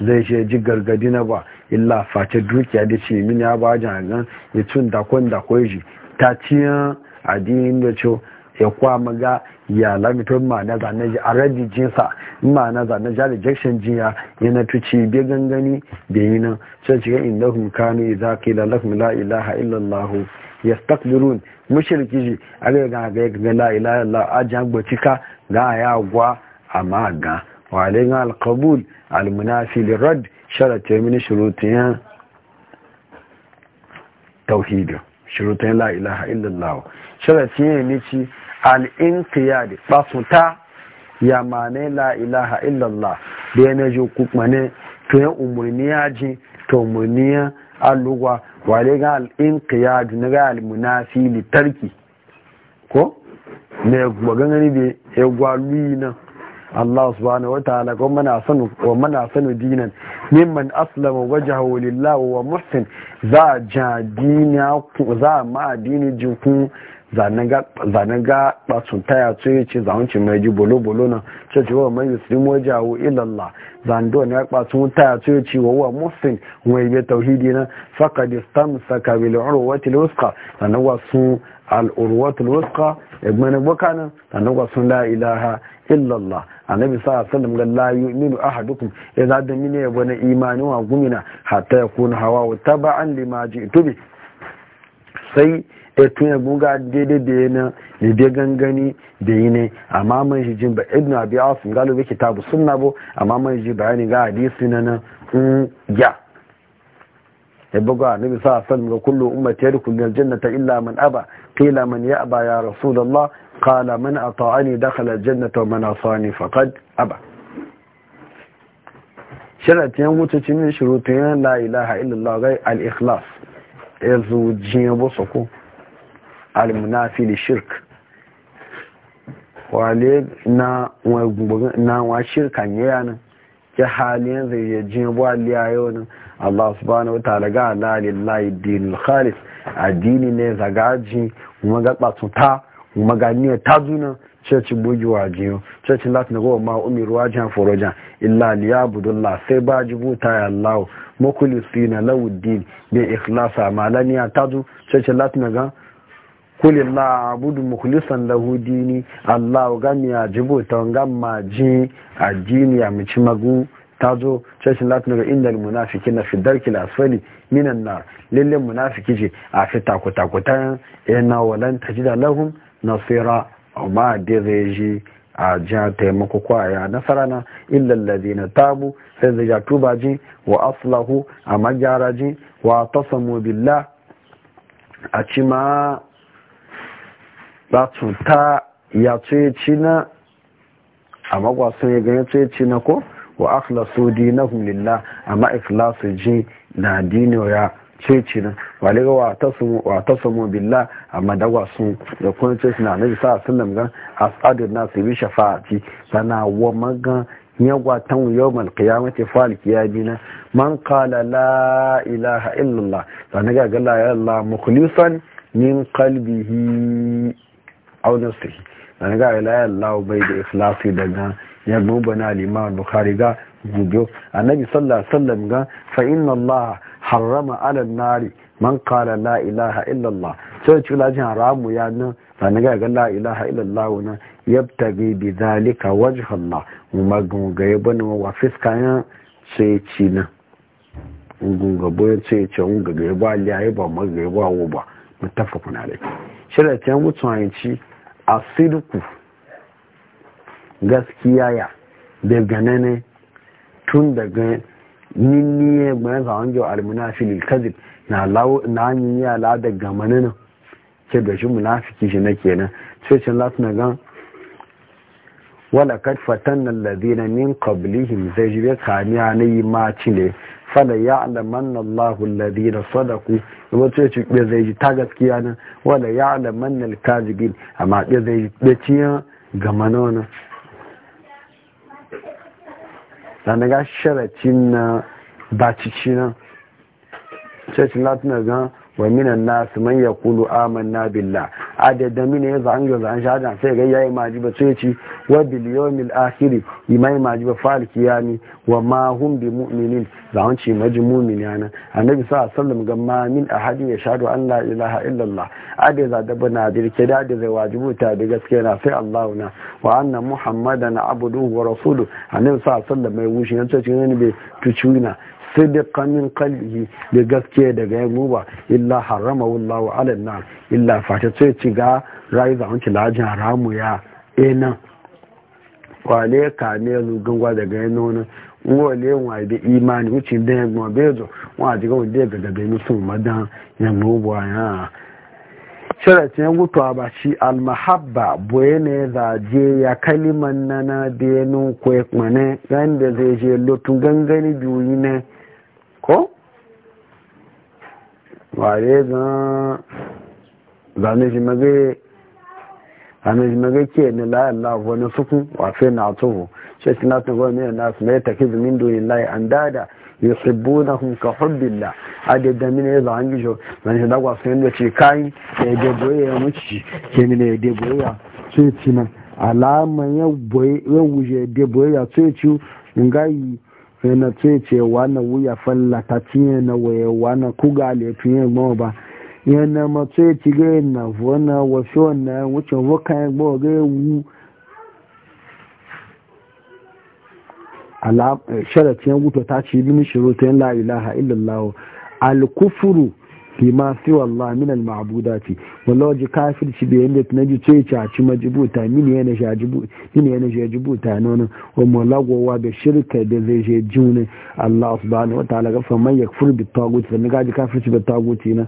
zai shi ji gargadi na ba illa face dukiya da ce mini ya ba jan gan ya tun dakon dakon da shi ta ciyan addinin da cewa ya kwa maga ya lamiton ma na zane a rabi jinsa ma na zane ja da rejection jiya yana tuci bi gangani da yi nan sai cikin inda hun kanu ka qila lahum la ilaha illallah yastakbirun mushriki ji a ga ga ga ga la ilaha illallah a jan gbacika ga ya gwa amma ga wa alkabul alqabul almunafi lirad sharat min shurutiyan tauhidin shirutun la ilaha illallah sharafi ne ne ci al'inqiyadi basunta ya mane la ilaha illallah da ya na ji kukmane to ya umarni ji to umarni alluwa wale ga al'inqiyadi na ga almunafi litarki ko ne ya gani bai e ya luyi nan Allah subhanahu wa ta'ala ko mana sanu ko mana sanu dinan mimman aslama wajhahu lillahi wa muhsin za jadina za ma dini jukun zanen ga basun taya su yi ce zaunci mai ji bolo-bolo na ce ce wa mai yusri moja wa ilalla zando na basun taya su yi ce wa wa musin wai bai tauhidi na saka da stam saka bil urwatil wusqa sannan wa sun al urwatil wusqa ibn bukana sannan wa sun la ilaha illallah annabi sa sallam ga la yu'minu ahadukum idza e da mine ya bana imani wa gumina hatta yakuna hawa taba'an lima ji'tu bi sai tun ya buga daidai da yana da bai gangani da yi ne amma man shi jin ba ibn abi asim galo bai kitabu sunna bo amma man shi bayani ga hadisi na nan in mm, ya ya buga annabi sa san ga kullu ummati yadkhulu jannata illa man aba qila man ya'ba ya rasulullah qala man ata'ani dakhala aljannata man asani faqad aba sharatiyan wuce cin shurutiyan la ilaha illallah gai al-ikhlas al li shirk wale na na wa shirka ne yana ke halin zai ya ji wa liyayo nan Allah subhanahu wa ta'ala ga ala dinul khalis addini ne zagaji kuma ga batsuta kuma ga ni ta zuna wa bugiwa jiyo cece lati na go ma umiru wajen forojan illa liyabudullah sai ba jibuta ya Allah mukulisina lawuddin bi ikhlasa malaniya tazu cece lati na ga kuli la abudu mukulisan lahu dini allah gami a jibo ta ga ma ji dini a mici magu zo cikin latin ga munafiki na fi darkil asfali minan na lillan munafiki ce a fi takuta kutan yana walan da lahum nasira ma da zai ji a jiha taimako kwaya nasara na illallazi na tabu sai zai ja tuba ji wa aslahu a magyara ji wa tasamu billah a cima za su ta ya ci na a magwasan ya gani ci na ko wa akhlasu dinahum lillah amma ikhlasu ji na dino ya ceci nan wale ga wata samu billah amma dagwa sun da kuma ceci na nabi sa sallam gan asadu na su bi shafa'ati sana wa magan yagwa tan yawmal qiyamati fal qiyamina man kala la ilaha illallah sana ga gala ya ilaha mukhlisan min qalbihi aw nafsihi an ga ila Allah bai da ikhlasi daga ya gobe na al-Imam Bukhari ga gudu annabi sallallahu alaihi wasallam ga fa inna Allah harrama ala nari man qala la ilaha illa Allah sai ci lajin haramu ya nan an ga ga la ilaha illa Allah na yabtagi bi zalika wajha Allah kuma ga ya bani wa fiskayan sai ci na gunga boye sai ci gunga ga ya ba liya ba ma ga ya ba wo ba mutafakun alai shirya ta mutuwa ci a sirku gaskiya ya daga nane tun daga ninniye gbanin zawon jau almunafi lilkazib na hanyoyi ala daga manana ke da shi munafiki shi na kenan sai cin lati na gan wadda kadfatan fatan nan lazina min kabilihim zai jibe kamiya na yi ma ne fala Allah Allahu alladhina sadaku wato ce ɓe zai ji ta gaskiya nan wala alaman na kadhibin amma be zai ji be ga manona na ga sharacin na bacici nan sai latin ga wa minan nasu man ya kulu amanna a adadda mini ya zan ga zan shahada sai ga yayi maji ba sai ci wa bil yawmil akhir imai maji ba fal kiyami wa ma hum bi mu'minin zan ci maji mu'min yana annabi sallallahu alaihi wasallam ma min ahadi ya shahadu an la ilaha illallah da za da bana dirke da da zai wajibu ta da gaskiya na sai Allahu na wa anna muhammadan abduhu wa rasuluhu annabi sallallahu alaihi wasallam mai wushi yace ni be tuciwina sidqa min qalbihi da gaskiya daga yan ba illa haramahu wallahu ala nar illa fata ce ci ga rayu da wanci lajin haramu ya ena eh kwale ka ne gangwa daga yan nona wole wa bi imani wuce da yan mo bezo wa ji ga wanda da daga sun madan yan ba ya ce ya gutu a bashi almahabba boye ne je ya kaliman nana benin kwekmane ganda zai je lotun gangani biyu ne ko ware zan zane shi magai shi jimaga ke ni layan lafi na suku wafe na tuhu shi shi na tuhu ne na su mai tafi zumin doyi layi an dada ya sabbo na hun ka hubbilla a da damina ya zan gisho zan shi dagwa su yadda ce kayi ya da boye ya muci ke ni ne ya dagboye ya ce ci nan alama ya boye ya wuje da ya ce ci ngayi na ce ce wani wuya falla ta ciye na waye wani kuga le fiye gbawa ba yana ce ci ga na vona wasu na wucin vuka ya ga wu eh, sharatin wuta ta ci bi shiru ta yin la ilaha illallah al kufru fi ma siwa Allah min al ma'budati wallahi ji kafirci da yanda na ji ce ci a ci majibuta min yana sha jibu mini yana sha ta nono wa wa da shirka da zai je juna Allah subhanahu wa ta'ala ga faman yakfur bi tagut sannan ga ji kafirci bi taguti na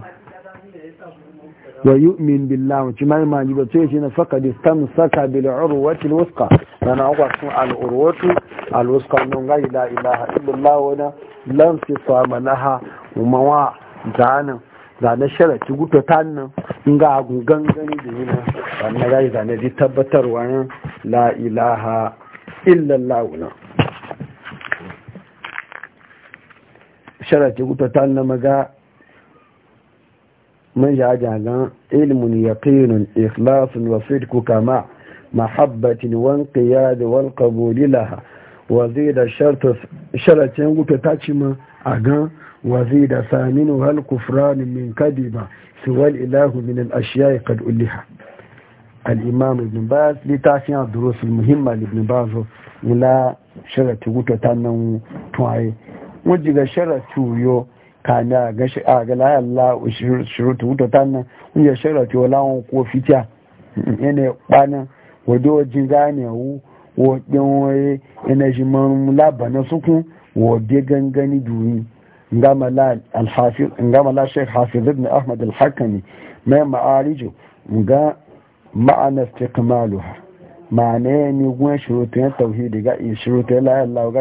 wa yu'min billahi wa cimai ma ji ba ce shi na faqad istamsaka bil urwati al wusqa ana akwa su al urwatu al wusqa non ga ila ilaha illallah wa la lan tisama laha wa ma zane sharafi guto ta nan in ga agungan gani da yi wani zane rai zane zai tabbatarwa na la ilaha illallah Shara sharafi guto ta nan maga man ya jagan ilmun yaqinun ikhlasun wa sidqu kama mahabbatin wan qiyad wal qabul laha wa zida shara sharatin guto ta ci ma a gan وزيد ثامنها الكفران من كذبة سوى الإله من الأشياء قد أليها الإمام ابن باز لتعفي الدروس المهمة لابن باز ولا تغوتو تانو توعي وجد شرط تويو كان أقل الله تغوتو تانو وجد شرط ولا وقوفتها yana kwana wadda wajen ganewu wadda wani yana shi marmula ba na sukun wadda gangani duni ngama la sheik hafiz ibn ahmad al-hakami mai ma'arijo ga ma'ana istiqmaluha ma'ana ne gwen ya tauhidi ga shirutun la ilaha ga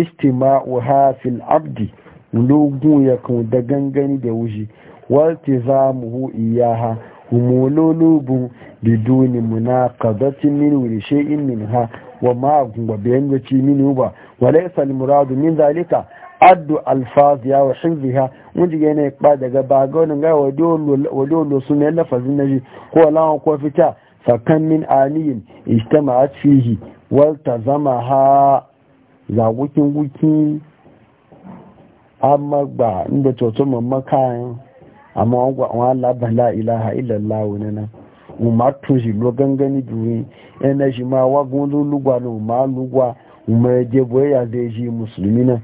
istima'uha fil abdi lugu ya kan da gangani da wuji waltizamuhu iyaha umululubun biduni munaqabatin min min ha, wa ma gungabe yanci minu ba wale al-muradu min zalika addu alfaziya wa hifziha mun jige ba daga bagonin ga wani ga wadi ne lafazin na shi ko lawa ko fita fakan min aniyin ijtama'at fihi wal zama ha zagukin gukin amma gba inda toto mamma amma wọn laban la ilaha wani nan wọn ma lo gangani yana shi ma lulugwa na lugwa ya zai musulmi nan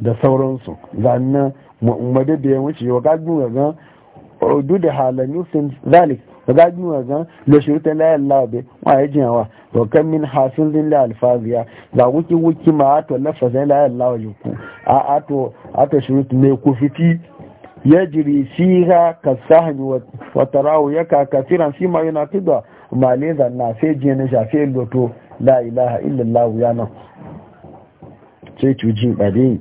da sauransu ga nan muhammadu da ya wuce wa gajin wagan odu da halami sin zalik wa gajin wagan da shirta la labe wa ya jinawa wa kan min hasin din la alfaziya ga wuki wuki ma ato lafazin la yalla wa a ato ato shirta ne ku fiti yajri fiha kasahni wa tarahu yaka kafiran fima fi ma le zanna sai jiya na shafi loto la ilaha illallah ya nan sai cujin ɗari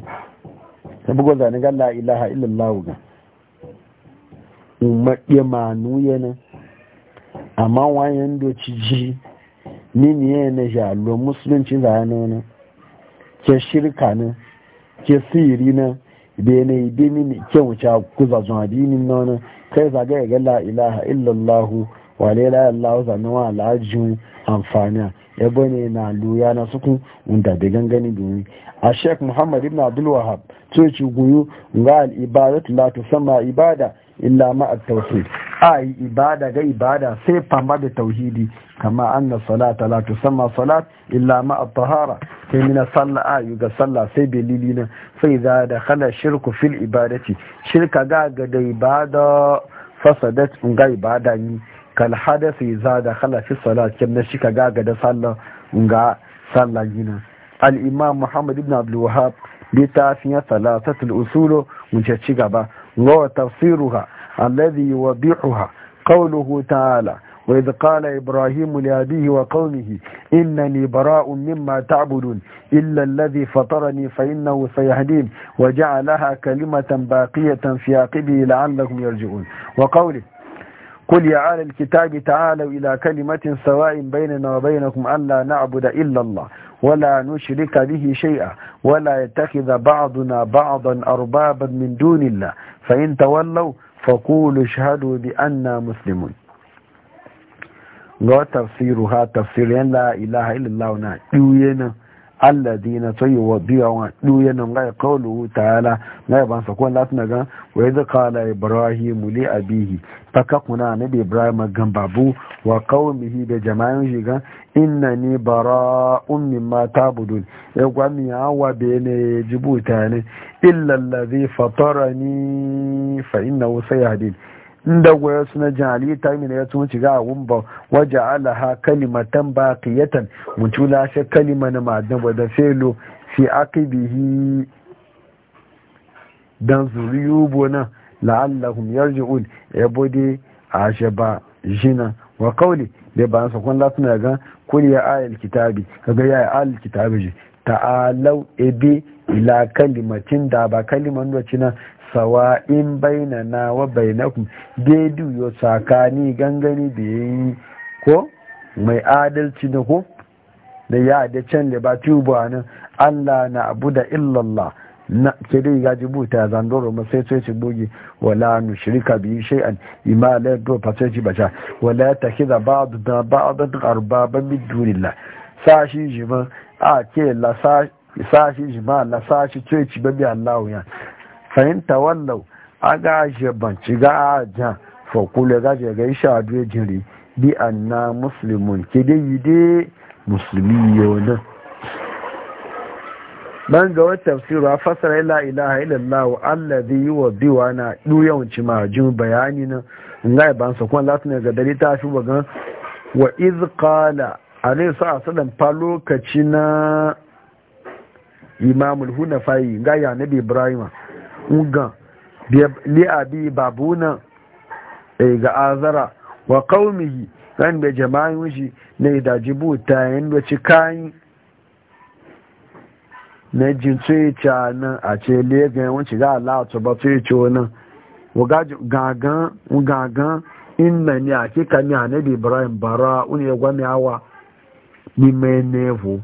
ya bugo zane ga la ilaha illallah ga umaɗe manu yana amma wayan doci ji ni ne na jalo musulunci zane na ke shirka na ke siri na be yana yi bi mini ke wuce kuza zuwa dinin na kai zagaya ga la ilaha illallah wale la Allah zanen wa alajin amfani ya bane na luya na suku wanda da gangani domin a sheik muhammad ibn abdul wahab coci guyu ga al'ibadatu la tusamma ibada illa ma at-tauhid ai ibada ga ibada sai fama da tauhidi kama anna salata la tusamma salat illa ma at-tahara sai mina sallah ayu ga sallah sai belili na sai da kana shirku fil ibadati shirka ga ga da ibada fasadat ga ibada ni kal hadasi zada khala fi salat kin na shika gaga da sallah nga sallah gina al imam muhammad ibn abd wahhab bi tafiya thalathat al usul mun ce ci gaba wa tafsiruha alladhi yuwaddihuha qawluhu ta'ala wa idh qala ibrahim li abihi wa qawmihi innani bara'un mimma ta'budun illa alladhi fatarani fa innahu sayahdin wa ja'alaha kalimatan baqiyatan fi aqibi la'allakum yarji'un wa qawlihi قل يا أهل الكتاب تعالوا إلى كلمة سواء بيننا وبينكم أن لا نعبد إلا الله ولا نشرك به شيئا ولا يتخذ بعضنا بعضا أربابا من دون الله فإن تولوا فقولوا اشهدوا بأننا مسلمون ga tafsiru ha tafsirin la ilaha illallah na ɗuye nan yi wa biya wa ɗuya nan ga kawo ta'ala na bansa sa lati na gan wa zaka kala ibrahim li abihi ta kakuna na bi ibrahim gan babu wa kawo mihi da jama'in shi gan inna ni bara ummin ma ta budu ya e gwami ya wa da ne jibuta ne illa fatara ni fa inna ya yadin inda gwaya suna jihali ta mina ya tun shiga a wumba waje alaha kalimatan kiyatan mutu la shi kalima na ma'adan ba. da felo fi yi dan zuriyu la'allahun yarji yarji'un ya bude a shi jina wa kauli da ba sa kwan lati na ga kuri ya ayal kitabi kaga ya ayal kitabi ta'alau ebe ila kalimatin da ba kaliman da cina Sawa sawa'in bainana wa bainakum daidu yo tsakani gangani da yayi ko mai adalci ne ko da ya da can da ba tuba nan Allah na abu da illallah na ke dai ga jibuta zandoro ma sai sai bogi wala nu shirka bi shay'an ima la do fasai bacha wala takhidha ba'd da ba'd arbaba min dunillah sashi jima a ke la sashi jima la sashi ce ci babi Allah ya fahimta wallau a je banci ga ja fakule ga je ga isha adwe jiri bi anna muslimun ke dai yi dai musulmi yau ban ga wata tafsiru a fasara la ilaha yi wa biwa yuwaddiwa na duyawanci jin bayani na ngai ban sa kuma ne ga dare ta fi bagan wa iz qala alayhi sallam fa lokaci na imamul hunafayi yi ya nabi ibrahima ugan li abi babuna eh, ga azara wa qaumihi ran da jama'in wuji ne da jibuta yin da cikayin na jin tsoyica na a ce lega yawan shiga Allah to ba tsoyici wannan gagan gagan inna ni a kika ni anabi ibrahim bara un ya gwami awa ni mai nevo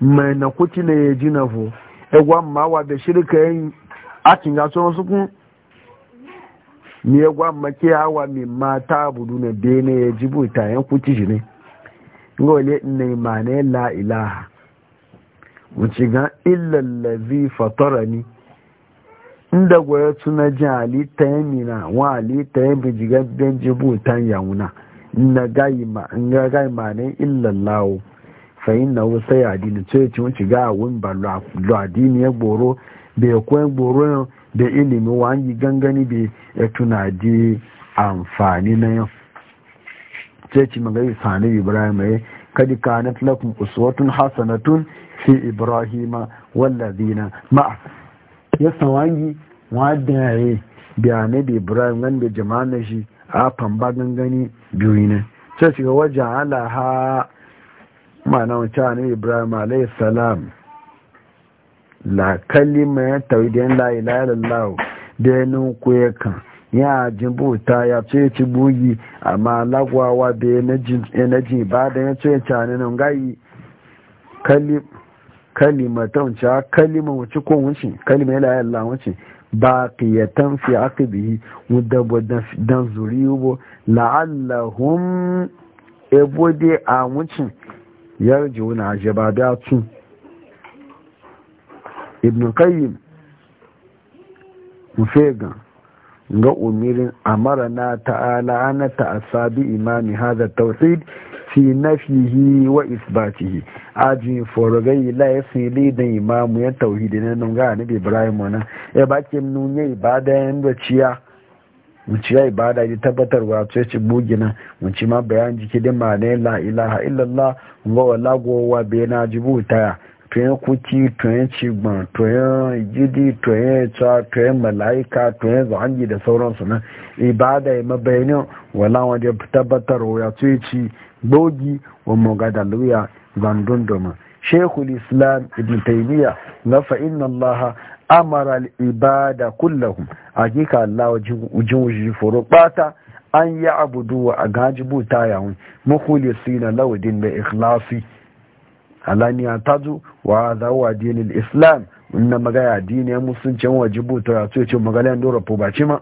mai na kuti na ya ji na vo ya e gwamma wa da shirka yin a cinga sun sukun ni ya gwa make hawa mi mata budu na bene ya jibu ta yan kuci shi ne ga wale ne ma ne la ilaha mu ci ga illallazi fatarani inda gwaya tuna ji halitta ya mina wa halitta ya bi jigabben jibu ta yawuna na gayi ma ne illallawo na wasu ya adini ce ci wuce ga awon ba lo adini ya gboro da ya koyan da ilimi wa gangani bai ya tuna di amfani na yau sai ci magana sani ibrahim ya e, kadi kanat lakum uswatun hasanatun fi ibrahima wallazina ma'a ya sawangi wadda yayi e, da ibrahim gan da jama'a na shi a famba gangani biyu ne sai shiga wajen alaha ma'ana ne ibrahim alayhi salam la kalima ya tawidin la ilaha illallah da ya ninku ya kan ya jimbuta ya ce ci bugi amma lagwawa da energy ba da ya ce canin kalima ta wuce a kalima wuce ko wuce kalima ya ilaha illallah wuce ba qiyatan fi wadda mudabba zuri yubo la’allahun ebode a wuce a ajaba da tun ibn qayyim mufega ga umirin amarana ta'ala ana ta'asabi imami hadha tawhid fi nafihi wa isbatihi aji forogai la yasili da imamu ya tauhidi na nan ga annabi ibrahim wannan ya bake nunye ibada yan da ciya mun ci ibada ne tabbatarwa to ya ci bugina mun ma bayan jiki da ma la ilaha illallah wa la gowa bayna jibu taya tun kuki tun cigban tun gidi tun ca tun mala'ika tun zangi da sauransu na ibada ya e mabayanin wala da tabbatar ya ci bogi wa mugadaluya ban dundunma shekul islam ibn taymiya na fa'in Allah amara ibada kullum a Allah wajen wujin foro bata an yi abu duwa a gajibu ta yawon mukulisi na lawudin mai ikhlasi ya tazu wa wa dinin islam wannan magaya ya musulunci yan waje buta ya ce magalayan dora fubaci ma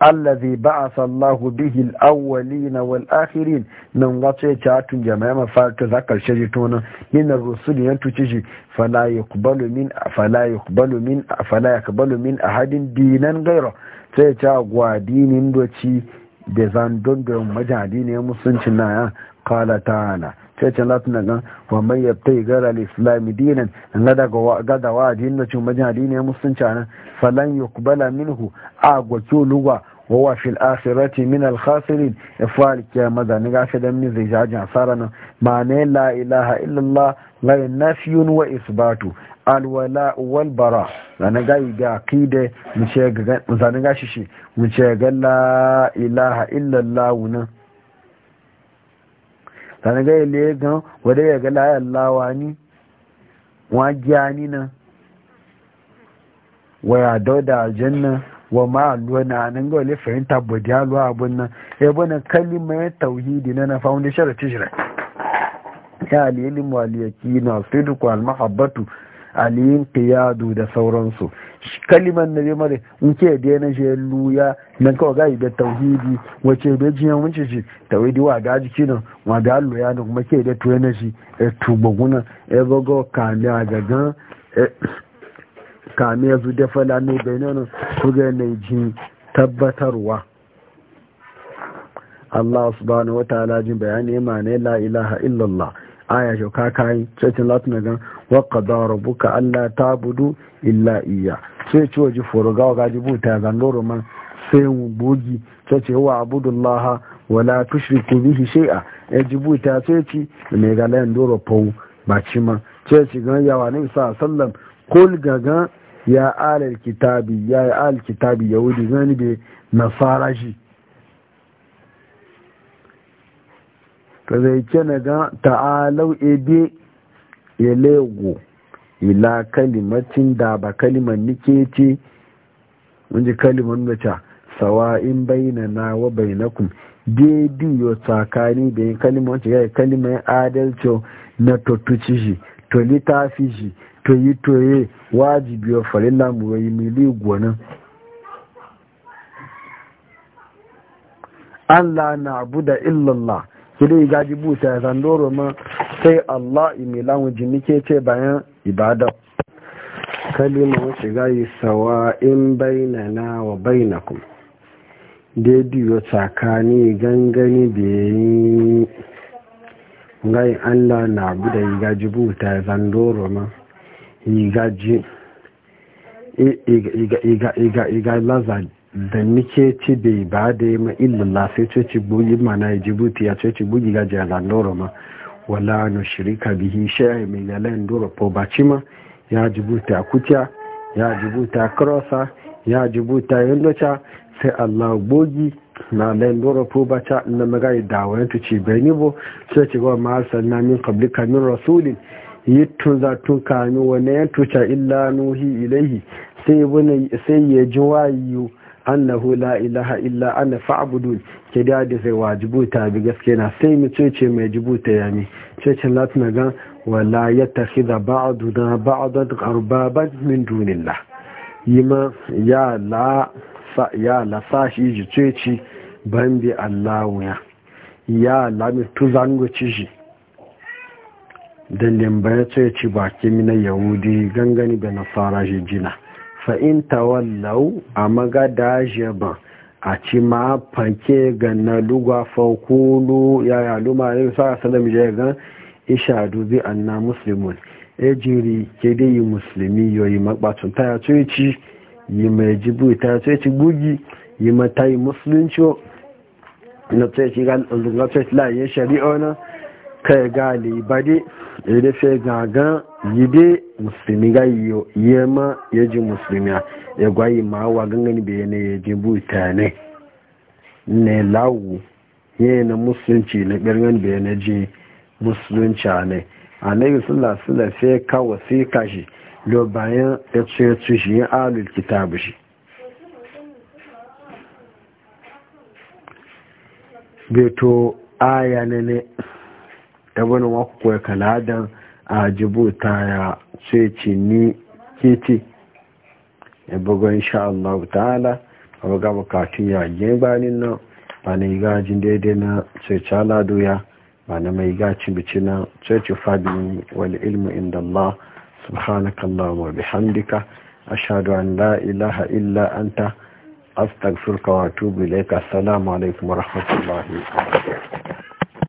allazi ba'asa sallahu bihi al na wal-akhirin nan wato ya ta tun jama'a mafarka za karshe ji tona min ar-rusul yan tuci shi fala yuqbalu min fala yuqbalu min fala yuqbalu min ahadin dinan gairo sai ya gwa dinin doci da zan da majadi ne musuncin na ya qala ta'ala cece latin daga wa mai ta yi gara islami dinan na daga gadawa a jini cin majin adini ya musulunci nan falan ya kubala minhu a gwaki Lugwa, wa fil akhirati min al khasirin ya kiyama da ni gafe dan min zai jaji asara nan ma ne la ilaha illallah la nafiyun wa isbatu Alwala, wal bara zani ga ga aqide mu ce ga shi mu ce la ilaha illallah wunan kana ga ile gan wada ya ga la Allah wani wa jani na wa dauda aljanna wa ma alwana nan ga wale fahimta bodiya luwa abun nan e ya bana kalimai tauhidi na na foundation of tijra ya alilin waliyaki na sirku almahabbatu aliyin qiyadu da sauransu kalimar na mare in ke da na shi luya nan kawai gaji da tauhidi wace da jiyan wuce shi tauhidi wa ga jiki wa da luya da kuma ke da tuwa na shi ya guna, ya bago kame a gagan kame ya da dafa ne, bai nan kuga na ji tabbatarwa Allah subhanahu wa ta'ala jin bayani ma ne la ilaha illallah aya shi ka kayi cikin latin gan wa qada Allah ta budu illa iya sai ci waje foroga gaji jibuta ga loro man sai mu bogi ce wa abudullah wala tushriku bihi shay'a ji buta sai ci me ga lan doro pau ba ci ma ci gan yawa ne sa sallam kul ga ya alal kitabi ya alal kitabi yahudi gani be nasara shi ka zai ce na ga ta'alau ebe ya lego ila kalimacin da ba kaliman nike ce wani kaliman mace sawa'in baina na wa kun daidai yo tsakani da yin kaliman wacce ya kaliman adalci na totuci shi to littafi shi to yi toye wajibi wa farilla mu yi mili gwanin Allah na abu da illallah ile gaji buta zandoro ma sai Allah imilan jini nike ce bayan ibada kalima wace gayi sawa in bainana wa bainakum daidaiwa tsakani gangani da yi Allah na guda yi gaji buta zandoro ma yi gaji iga iga iga iga iga da nike ci yi ba da yi ma illallah sai coci bugi mana ya jibuti ya coci bugi ga jalan ndoro ma wala no shirika bihi shay'a mai lalai ndoro po ma ya jibuti a kutiya ya jibuti a krosa ya jibuti a yandocha sai allah bugi na lalai ndoro po baca na magari dawayen tuci bai ni bo sai gwa ma na min kabli min rasulin tun za tun kami wani yan ca illa nuhi ilaihi sai ya ji wayi annahu la ilaha illa ana fa'budu ke da da sai ta bi gaske na sai mu cece mai jibuta ya mi cece latin ga wala ya da ba'adu da arbaban min dunillah yima ya la ma ya la sashi ji cece bambi Allah ya ya la mi tuzango ciji dan lemba ya ceci bakin na yahudi gangani da nasara shi jina fa'in tawallau a magada ba a ci ma fanke na lugwa faukulu ya yi aluma ne a salam je ga ishadu bi anna muslimun e jiri ke dai yi musulmi yi makbatun e e ta yi e ci yi mai jibu ta yi ci gugi yi yi musulunci na tsoci la ya shari'a na kai gali bade da fe gagan yi dai musulmi ga yema ya ji musulmi ya gwayi ma wa gangani bai ne ya ji buta ne ne lawu ya na musulunci na birnin bai ji musulunci ne a na yi sula sula sai ka wasika shi lo bayan ya ce ya ci shi ya alul kitabu shi beto aya ne ne ɗabanin wakwai kaladan a jibuta ya sai ce ni kiti ya bugu insha Allah ta'ala a buga bukatun yage banin nan ba na igajin daidai na sai ce aladoya ba na mai igacin bici na sai fadin wani ilmu inda Allah subhanaka Allah wa bihamdika shaɗu an la ilaha illa anta astaghfiruka wa tubu laika salamu alaikum wa rahmatullahi wa barakatuh